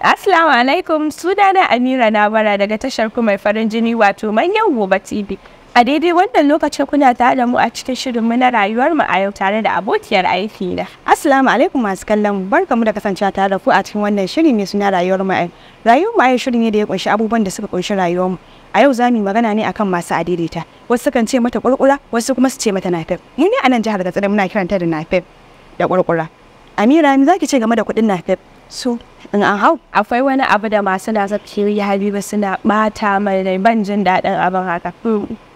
Assalamu alaikum sunana Amira na bara daga tashar ku mai farin jini wato manyan gobe TV. A daidai wannan lokacin kuna tare da mu a cikin shirin mu na rayuwar mu a yau tare da abokiyar aiki na. Assalamu alaikum masu kallon mu barkamu da kasancewa tare da ku a cikin wannan shiri ne suna rayuwar mu Rayuwar mu a yau shiri ne da ya kunshi abubuwan da suka kunshi rayuwar mu. A yau zamu magana ne akan masu adaidaita. Wasu sukan ce mata kurkura, wasu kuma su ce mata nafif. Ni ne a nan jihar Katsina muna kiranta da nafif da kurkura. Amira, me zaki ce game da kuɗin nafif? so in an hau akwai wani abu da masu na zafi ya habiba suna bata mai da ban jin daɗin abin haka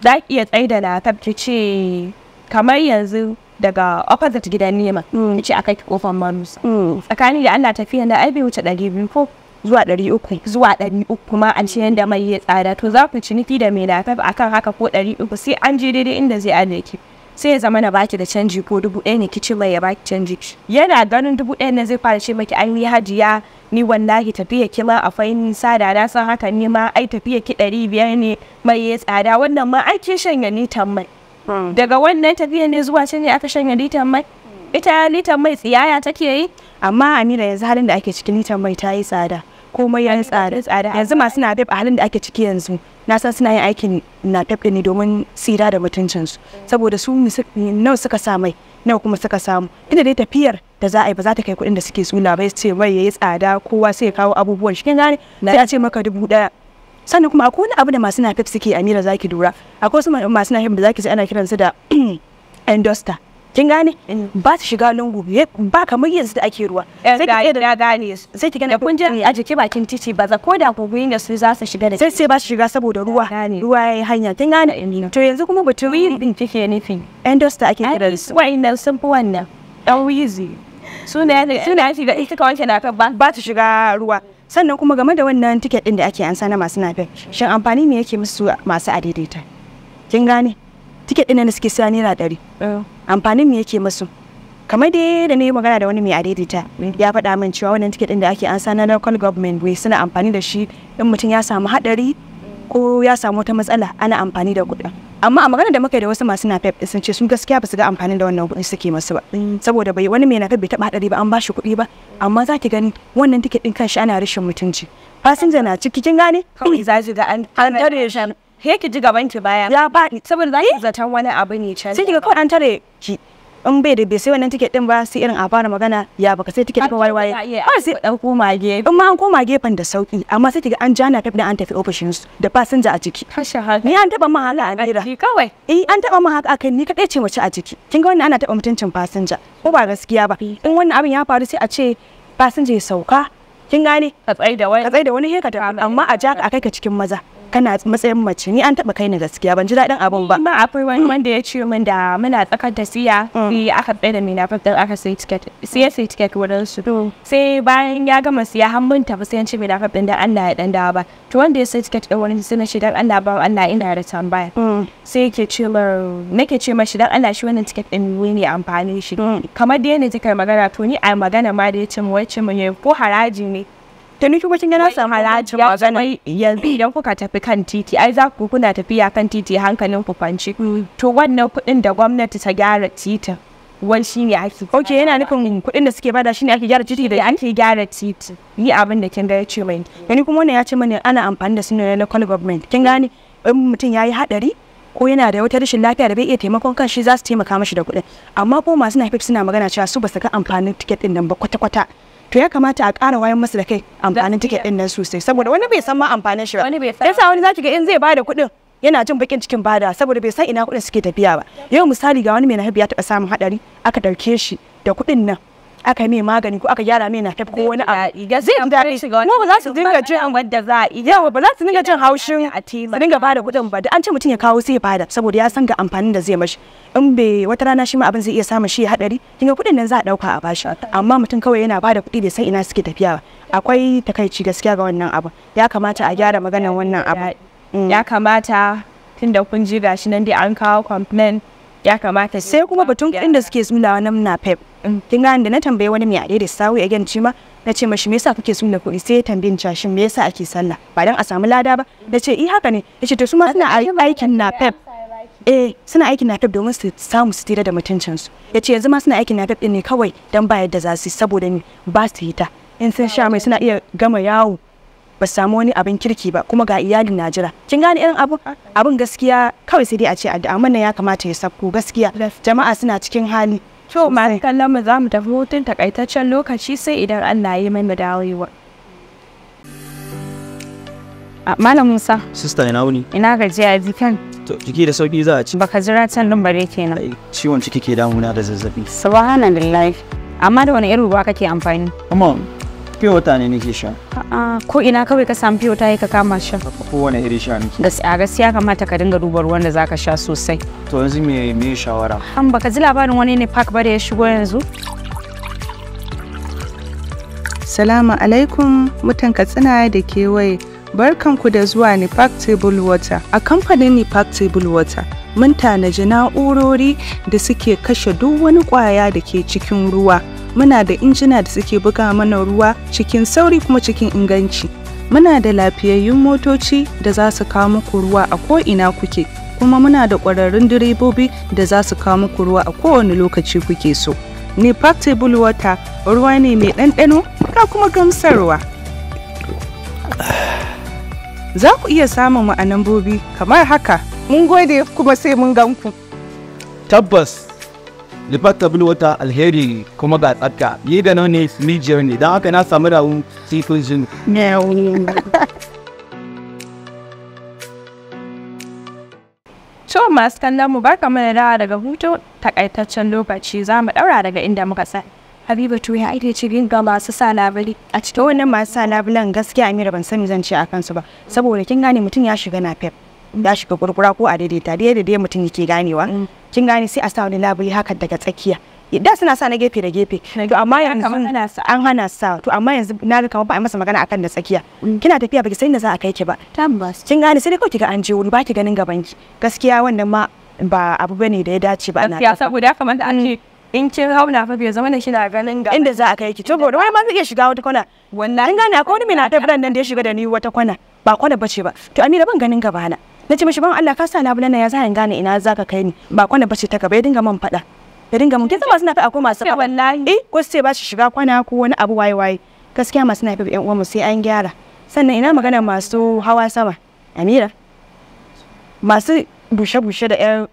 za ki iya tsaye da na ce kamar yanzu daga opposite gidan nema mm. ce kai ki kofar manus mm. tsakani da ana tafiya na aibe wuce ɗari biyu ko zuwa ɗari uku zuwa ɗari kuma an ce yadda mai ya tsada to za ku ciniki da mai lafiyar akan haka ko ɗari uku sai an je daidai inda zai ajiye sai ya zama na baki da canji ko dubu ɗaya ne kici mai ya baki canji yana ganin dubu ɗaya ne zai fara ce maki an yi hajiya ni wallahi tafiya kila a fain sada na san haka ni ma ai tafiya ki ɗari biyar ne mai ya tsada wannan ma ai ke shanya litan mai hmm. daga wannan tafiya ne zuwa can ne aka shanya litan mai ita litan mai tsiyaya take yi amma amira yanzu halin da ake cikin litan mai ta yi tsada komai ya tsare tsare yanzu masu na a halin da ake ciki yanzu na san suna yin aikin na pep ne domin tsira da mutuncinsu saboda su nawa suka sa mai nawa kuma suka samu inda dai tafiyar da za a yi ba za ta kai kuɗin da suke tsula ba ce mai yayi tsada kowa sai ya kawo abubuwan shi kin gane sai a ce maka dubu ɗaya sannan kuma akwai wani abu da masu na pep suke amira zaki dura akwai wasu masu na pep da zaki ji ana kiransu da endoster kin gane mm. ba ta shiga lungu eh, ba kamar yanzu da ake ruwa sai ka da gane sai ki gane kun je a jike bakin titi ba za ko da ku guyin da su za su shiga da sai sai ba su shiga saboda ruwa ruwa yayi hanya kin gane to yanzu kuma batun wi din kike nufin endos da ake kira su wa'inda sun fi wannan dan wizi suna suna shiga ita kawai na ba ta shiga ruwa sannan kuma game da wannan tiket din da ake ansa na masu nafe shin amfani me yake musu masu adaidaita kin gane tiket din da suke sani naira 100 amfanin me yake musu kamar dai da ne magana da wani mai adaidaita ya faɗa min cewa wannan tiket ɗin da ake ansa na local government we suna amfani da shi in mutum ya samu haɗari ko ya samu wata matsala ana amfani da kuɗin amma a magana da muka yi da wasu masu nafef sun ce sun gaskiya ba su ga amfanin da wannan kuɗin suke masu ba saboda bai wani mai nafef bai taɓa haɗari ba an ba shi kuɗi ba amma za ki gani wannan tiket ɗin kanshi ana rashin mutunci fasinja na ciki kin gane kawai za ga an tare shi he ji gaban ki baya ya ba saboda zaki eh? zaton wani abu ne can sai kiga kawai an tare ki in bai da bai sai wannan ticket din ba sai irin a fara magana ya baka sai ticket ka warwaye kawai sai dan koma gefe in ma an koma gefen da sauki amma sai kiga an jana kafi da an tafi ofishin da fasinja a jiki ni an taba mahala a naira kawai eh an taba mahala a kai ni kadai ce mace a jiki kin ga wannan ana taba mutuncin fasinja ko ba gaskiya ba mm. in wannan abin ya faru sai a ce fasinja ya sauka kin gane ka tsaye da wani ka tsaye da wani he ka tafi amma a jaka akai ka cikin maza kana matsayin mace ni an taba kai ni gaskiya ban ji daɗin abun ba. ban akwai wani wanda ya ce min da muna tsakar ta siya mm. sai aka tsaye da mai na dan aka sai ticket siya sai ticket wurin su. Sai bayan ya gama siya har mun tafi sai an ce mai na dan Allah ya dan dawa ba. To wanda ya sai ticket ɗin wani sai na ce dan Allah ba Allah ina da tambaya. Mm. Sai yake ce min nake ce mashi dan Allah shi wannan tiket ɗin ne amfani shi. Mm. Kamar da yana magana to ni a magana ma da ya ce mu wace ce mu ko haraji ne. ta nufi kin yana san halajin magana yanzu idan kuka tafi kan titi ai za ku kuna tafiya kan titi hankalin ku kwanci to wannan kuɗin da gwamnati ta gyara titin wani shi ne ake ok yana nufin kuɗin da suke bada shi ne ake gyara titi da ake gyara titi ni abin da kin ga ya ce mai yani kuma wannan ya ce mana ana amfani da su ne na local government kin gane in mutum ya yi haɗari ko yana da wata rashin lafiya da bai iya taimakon kan shi za su taimaka mashi da kuɗin amma ko masu na suna magana cewa su ba su ga amfanin tiket ɗin nan ba kwata-kwata to ya kamata a ƙara wayan masa da kai amfanin tiket ɗin nan sosai saboda wani bai san ma amfanin shi ba wani bai san yasa wani zaki ga in zai bada kuɗin yana jin bakin cikin bada saboda bai san ina kuɗin suke tafiya ba yau misali ga wani mai nahabi ya taɓa samun haɗari aka ɗauke shi da kuɗin nan aka mai magani ko aka gyara mai na tafi ko wani abu zai ji daɗi kuma ba za su dinga jin wanda za a iya ba za su dinga jin haushin su dinga bada kuɗin ba an ce mutum ya kawo sai ya bada saboda ya san ga amfanin da zai mashi in bai wata rana shi ma abin zai iya samun shi ya haɗari ga kuɗin nan za a ɗauka a bashi amma mutum kawai yana ba da kuɗi bai san ina suke tafiya ba akwai takaici gaskiya ga wannan abu ya kamata a gyara maganar wannan abu ya mm. kamata tunda kun ji gashi nan dai an kawo complaint ya kamata sai kuma batun kuɗin da suke sulawa na pep mm, kin ga da na tambaye wani mai ade da sawu ya gance ma na ce mashi me yasa kuke sula kuɗi sai ya tambaye cashin me yasa ake sallah ba dan a samu lada ba na ce eh haka ne ya ce to su ma suna aikin na pep eh suna aikin na domin su samu su tira da mutuncin su ya ce yanzu ma suna aikin na ne kawai dan ba yadda za su saboda ni ba su yi ta in sun sha mai suna iya gama yawo ba samu wani abin kirki ba kuma ga iyali na jira kin gane irin abu abin gaskiya kawai sai dai a ce addu'a nan ya kamata ya sabko gaskiya jama'a suna cikin hali to masu kallon mu za mu tafi hutun takaitaccen lokaci sai idan Allah ya mai dawowa Malam Musa. Sista ina wuni. Ina gajiya jikin. To jiki da sauki za a ci. Baka jira can nan bare kenan. Ciwon ciki ke damuna da zazzabi. Subhanallah. Amma da wani irin ruwa kake amfani? Amma Fiyo wata ne nake sha. ko ina kawai ka samu fiyo yi ka kama sha. wani iri sha nake. Gaskiya gaskiya kamata ka dinga duba ruwan da zaka sha sosai. To yanzu me me shawara? An baka ji labarin wani ne park ba da ya shigo yanzu? Salamu alaikum mutan Katsina da kewaye. Barkanku da zuwa Nipak Table Water. A kamfanin Nipak Table Water, mun tanaji na'urori da suke kashe duk wani kwaya da ke cikin ruwa. muna da injina da suke buga mana ruwa cikin sauri kuma cikin inganci muna da lafiyayyun motoci da za su kawo muku ruwa a ko'ina kuke kuma muna da ƙwararrun direbobi da za su kawo muku ruwa a kowane lokaci kuke so factable water ruwa ne mai ɗanɗano ka kuma gamsarwa za ku iya samun mu a kamar haka mun gode kuma sai mun ganku. tabbas lifar ta wata alheri kuma ga tsarka yi da nan ne mijiyar ne don haka na samu rawun sifin jin Tom masu kallon mu barka mana dawa daga hutu takaitaccen lokaci za mu daura daga inda muka sa. Habiba to ya aike ci ga masu sa labari a cikin wannan masu sa labulan gaskiya Amira ban sani zan ce a kansu ba saboda kin gane mutum ya shiga na pep ya shiga kurkura ko a daidaita dai da dai mutum yake ganewa mm. kin gane sai a sa wani labuli haka daga tsakiya da suna sa na gefe da gefe to amma yanzu an hana sa to amma yanzu na ga kamar ba a masa magana akan da tsakiya mm. kina tafiya baki sai da za a kai ki ba tabbas kin gane sai dai kawai kiga an je wuri ba ki ganin gaban ki gaskiya wannan ma ba abu bane da ya dace ba ana saboda haka kamar da an ce mm. in kin hauna fa bai zama da shi na ganin ga inda za a kai ki to gobe wani ma zai iya shiga wata kwana wallahi kin gane akwai wani mai na tafiran nan da ya shiga da ni wata kwana ba kwana bace ba to amira ban ganin gaba na na ce mishi ban Allah ka sa na na ya za in gane ina za ka kai ni ba kwana bace ta gaba ya dinga man faɗa ya dinga mun ke san suna kai akwai masu faɗa wallahi eh ko sai ba shi shiga kwana ko wani abu waye waye gaskiya masu nafi ƴan uwa mu sai an gyara sannan ina magana masu hawa sama Amira masu bushe-bushe da ƴan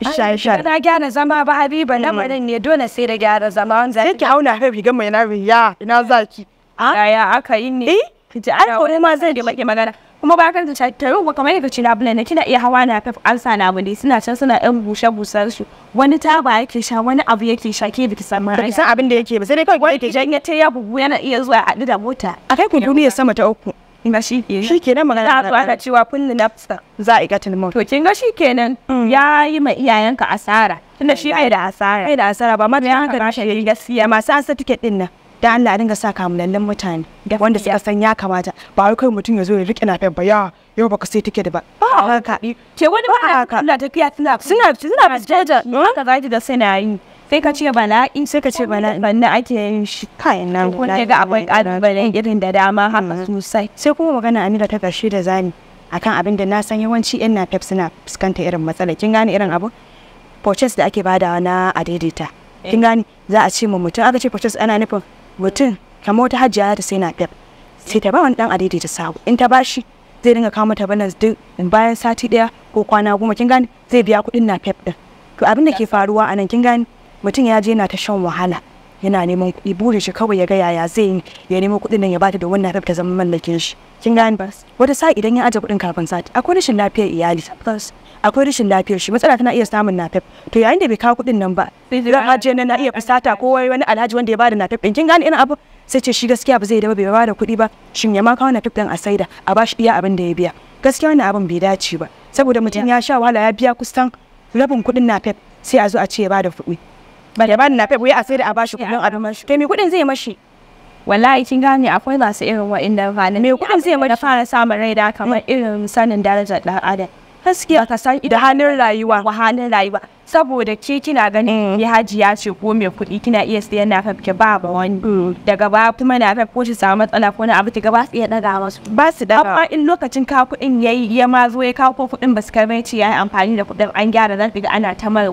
shaye-shaye. Na gyara zama ba Habiba lamarin ne dole sai da gyara zama wanda. Sai ki auna kai rigar mai na riya ina zaki. Ah? Yaya aka yi ne? Eh? kici ai kore ma zai je baki magana kuma ba kan ta ta ruwa kamar yadda ci labulan ne kina iya hawa na fef an sa na bane suna can suna yan bushe busar su wani taba yake sha wani abu yake sha ke biki san da san abin da yake ba sai dai kai gwai ke jan ya ya bugu yana iya zuwa a dida mota akai ku duniya sama ta uku ina shi ke shi kenan magana ta ta cewa kullu nafsa za a igatin mu to kin ga shi kenan mm. ya yi ma iyayenka asara tunda shi ai da asara ai da asara ba ma da hankali gaskiya masu asa ticket din nan dan Allah a dinga sa kamunan mutane wanda suka san ya kamata ba wai kai mutum ya zo ya rike na fen ba ya yau baka sai da ba ba haka ce wani ba haka suna tafiya suna suna suna jaja haka zaki da sai na yi sai ka ce bala'i sai ka ce bala'i banda ake yin shi kayan nan Kun ga akwai kalubalen irin da dama haka hmm. sosai sai kuma magana Amira ta karshe da zani akan abin da na san yawanci yan na pep suna fuskanta irin matsala kin gane irin abu purchase da ake badawa na adaidaita kin eh. gane za a ce mu mutum aka ce purchase ana nufin mutum kamar wata hajiya ta sai na pep sai ta ba wani dan ta sabu in ta bashi zai dinga kawo mata balance duk bayan sati daya ko kwana goma kin gani zai biya kuɗin na pep din to abin da ke faruwa a nan kin gani mutum ya je yana ta shan wahala yana neman kuɗi burin shi kawai ya ga yaya zai yi ya nemo kuɗin nan ya bata da wannan pep ta zama mallakin shi kin gani ba wata sa idan ya aje kuɗin kafin sati akwai rashin lafiyar iyali akwai rashin lafiyar shi matsala tana iya samun nafef to yayin da bai kawo kuɗin nan ba zan ajiye na iya fusata ko wani alhaji wanda ya bada nafef in kin gane ina abu sai ce shi gaskiya ba zai da bai bada kuɗi ba shin ya ma kawo nafef dan a saida a bashi iya abin da ya biya gaskiya wannan abin bai dace ba saboda mutum ya sha wahala ya biya kusan rabin kuɗin nafef sai a zo a ce ya bada kuɗi ba ya bada nafef wai a saida a bashi kuɗin abin mashi to me kuɗin zai mashi wallahi kin gane akwai masu irin wa'inda ranar me kuɗin zai mashi fara samun rai da kamar irin sanin darajar ɗan adam haske ka san da hannun rayuwa wahalin rayuwa saboda ke kina ganin ya ya ce ko mai kuɗi kina iya siyan na ki ba ba wani daga ba kuma na kafke ko shi samu matsala ko na abu ta ba su iya daga wasu ba su daga amma in lokacin ka kuɗin yayi ya ma zo ya kawo ko kuɗin ba su kai mai ya yayi amfani da kuɗin an gyara zan ga ana ta mar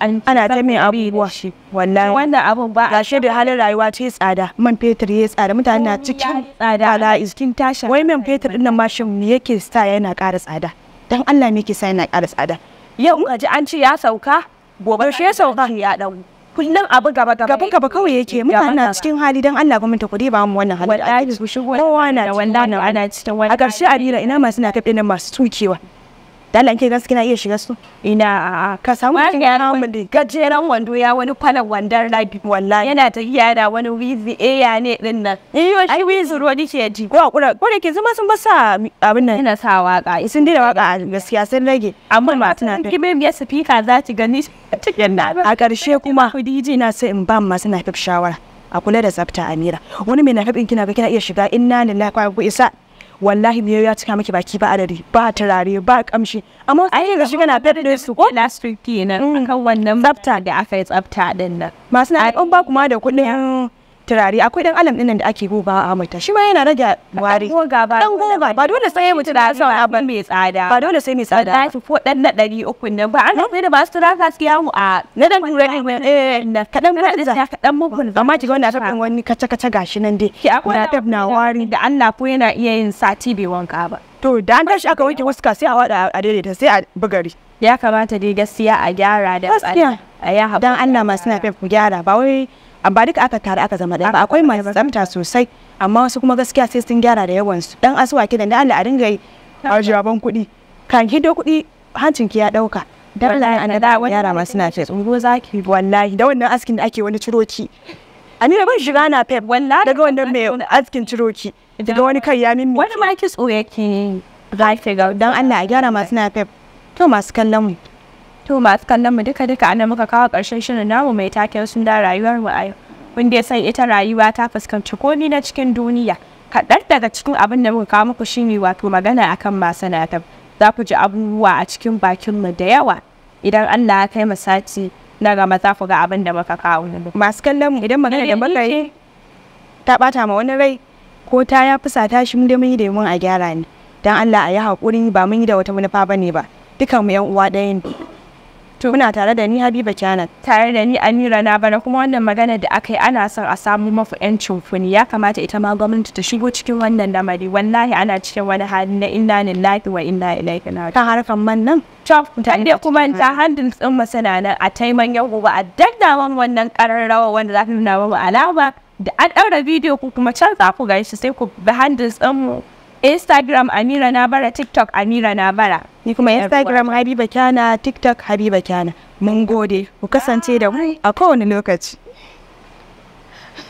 an ana ta mai abubuwa shi wallahi wannan abu ba gashi da halin rayuwa ta tsada man fetur ya tsada mutane na cikin tsada ala iskin tasha wai man fetur din nan ma ne? yake sa yana ƙara tsada dan Allah me ke sa yana ƙara tsada yau in ji an ce ya sauka gobe shi ya sauka ya dan kullum abu gaba gaba gaban gaba kawai yake muna na cikin hali dan Allah gwamnati ku dai ba mu wannan hali wallahi su shigo kowa na wannan ana cikin wani a ƙarshe Arira ina masu na tafi nan masu tukewa dalan ke gaskiya na iya shiga su ina ka samu gajeren wando ya wani falan wandar life wallahi yana ta iya da wani wizi eh, ya ne din nan iyo eh, shi wizi ruwa ce ji ko kura ko da ke zama sun basa abin nan yana sa waka sun dai da waka gaskiya sun rage amma ma tana da kibe ya speaker za ta gani cikin na a karshe kuma DJ na sai in ba ma suna fif shawara a kula da tsafta Amira wani mai na kina ga kina iya shiga inna lillahi wa isa wallahi miyau ya cika miki baki ba adadi ba turare ba kamshi amma ai ga shi kana fadin su ko last week kenan mm. kan wannan tsafta da aka yi tsafta din nan masu na ai ba kuma da kuɗin turare akwai dan alam dinnan da ake goba a mata shi ma yana rage wari goga dan goga ba dole sai mutu da sawa ba mai tsada ba dole sai mai tsada ba ko dan na 300 ne ba an sai da ba su turare ka a na dan turai eh na kadan ba da kadan mabun amma kiga wannan tafin wani kace kace gashi nan dai akwai tab na wari da Allah ko yana iya yin sati bai wanka ba to da an tashi aka wanke wasu sai a wada a daidaita sai a bugari ya kamata dai gaskiya a gyara da a ya haɓa dan Allah masu na ku gyara ba wai amma duka aka tare aka zama ɗaya akwai mai tsamta sosai amma wasu kuma gaskiya sai sun gyara da yawan su dan asuwa kidan da Allah a dinga ajiya ban kuɗi kan hido kuɗi hancin ki ya dauka dan Allah an da yara ma suna ce tsoro zaki wallahi da wannan askin da ake wani ciroki ani da ban shiga na pep wallahi daga wannan mai askin ciroki daga wani kai ya mimmi wani ma ki tsoye ki ga dan Allah a gyara ma suna pep to masu kallon mu To masu kallon mu duka duka ana muka kawo ƙarshen shirin namu mai taken sun da rayuwar mu a yau. Wanda ya san ita rayuwa ta fuskanci komi na cikin duniya. Kaɗan daga cikin abin da muka kawo muku shine wato magana akan masana'antar. Za ku ji abubuwa a cikin bakin mu da yawa. Idan Allah ya kai mu sati na gama za ku ga abin da muka kawo. Masu kallon mu idan magana da muka yi ta ɓata ma wani rai ko ta ya ta shi mun da mun yi da mun a gyara ni. Dan Allah a yi haƙuri ba mun yi da wata manufa bane ba. Dukan mu 'yan uwa ne. To muna tare da ni Habiba Kyana. Tare da ni Amira na bana kuma wannan magana da aka yi ana son a samu mafi ƴancin kuni ya kamata ita ma gwamnati ta shigo cikin wannan lamari wallahi ana cikin wani hali na inna lillahi wa inna ilaihi raji'un. Ta harkan man nan Trump mutane kuma ta handin tsin masana nan a taiman yau gobe a daddawan wannan rawa wanda za ta nuna alama da an ɗaura bidiyo ko kuma can za ku gaishe sai ku bi handin tsin mu Instagram Amira Nabara, TikTok Amira Nabara. Ni kuma Instagram Habiba Kyana, TikTok Habiba Kyana. Mun gode, ku kasance da mu a kowane lokaci.